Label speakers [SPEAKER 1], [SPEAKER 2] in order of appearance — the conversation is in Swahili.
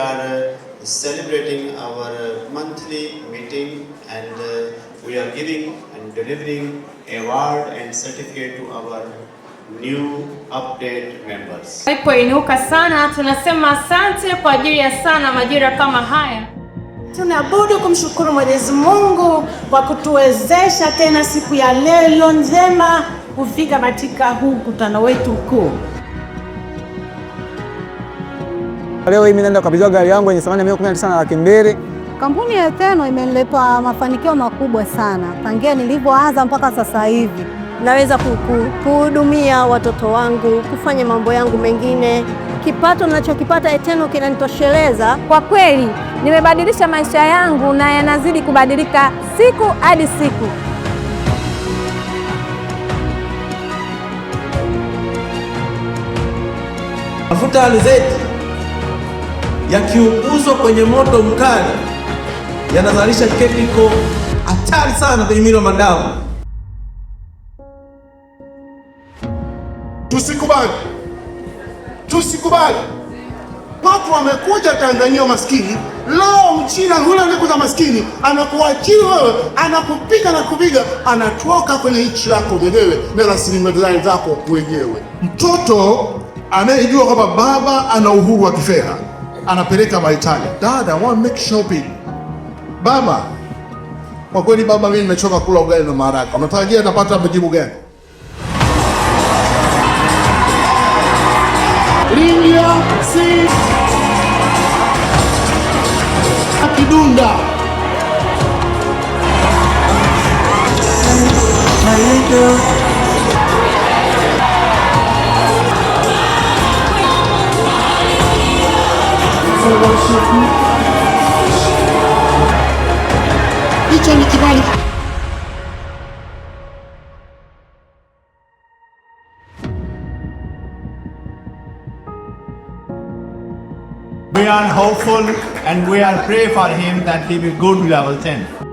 [SPEAKER 1] are uh, celebrating our uh, monthly meeting and uh, we are giving and delivering award and certificate to our new update members.
[SPEAKER 2] Ipoinuka sana, tunasema asante kwa ajili ya sana majira kama haya.
[SPEAKER 3] Tunabudu kumshukuru Mwenyezi Mungu kwa kutuwezesha tena siku ya leo njema kufika katika huu mkutano wetu mkuu.
[SPEAKER 4] leo mimi naenda kukabidhiwa gari yangu yenye thamani ya milioni 19 na laki mbili.
[SPEAKER 5] Kampuni ya Eternal imeniletea mafanikio makubwa sana tangia nilivyoanza mpaka sasa hivi
[SPEAKER 6] naweza kuhudumia watoto wangu, kufanya mambo yangu mengine. Kipato ninachokipata Eternal kinanitosheleza
[SPEAKER 7] kwa kweli. Nimebadilisha maisha yangu na yanazidi kubadilika siku hadi siku.
[SPEAKER 8] Mafuta alizeti yakiunguzwa kwenye moto mkali yanazalisha kemiko hatari sana kwenye mwili wa mwanadamu.
[SPEAKER 9] Tusikubali, tusikubali. Watu wamekuja Tanzania maskini, leo mchina hula za maskini, anakuachia wewe, anakupika na kupiga, anatoka kwenye nchi yako mwenyewe na rasilimali zako mwenyewe. Mtoto anayejua kwamba baba ana uhuru wa kifedha anapeleka mahitaji. Dada one make shopping. Baba, kwa kweli baba, mimi nimechoka kula ugali na maharage. Unatarajia napata majibu gani?
[SPEAKER 10] Lilia si Kidunda
[SPEAKER 11] We are
[SPEAKER 12] hopeful and we are pray for him that he will go to level 10.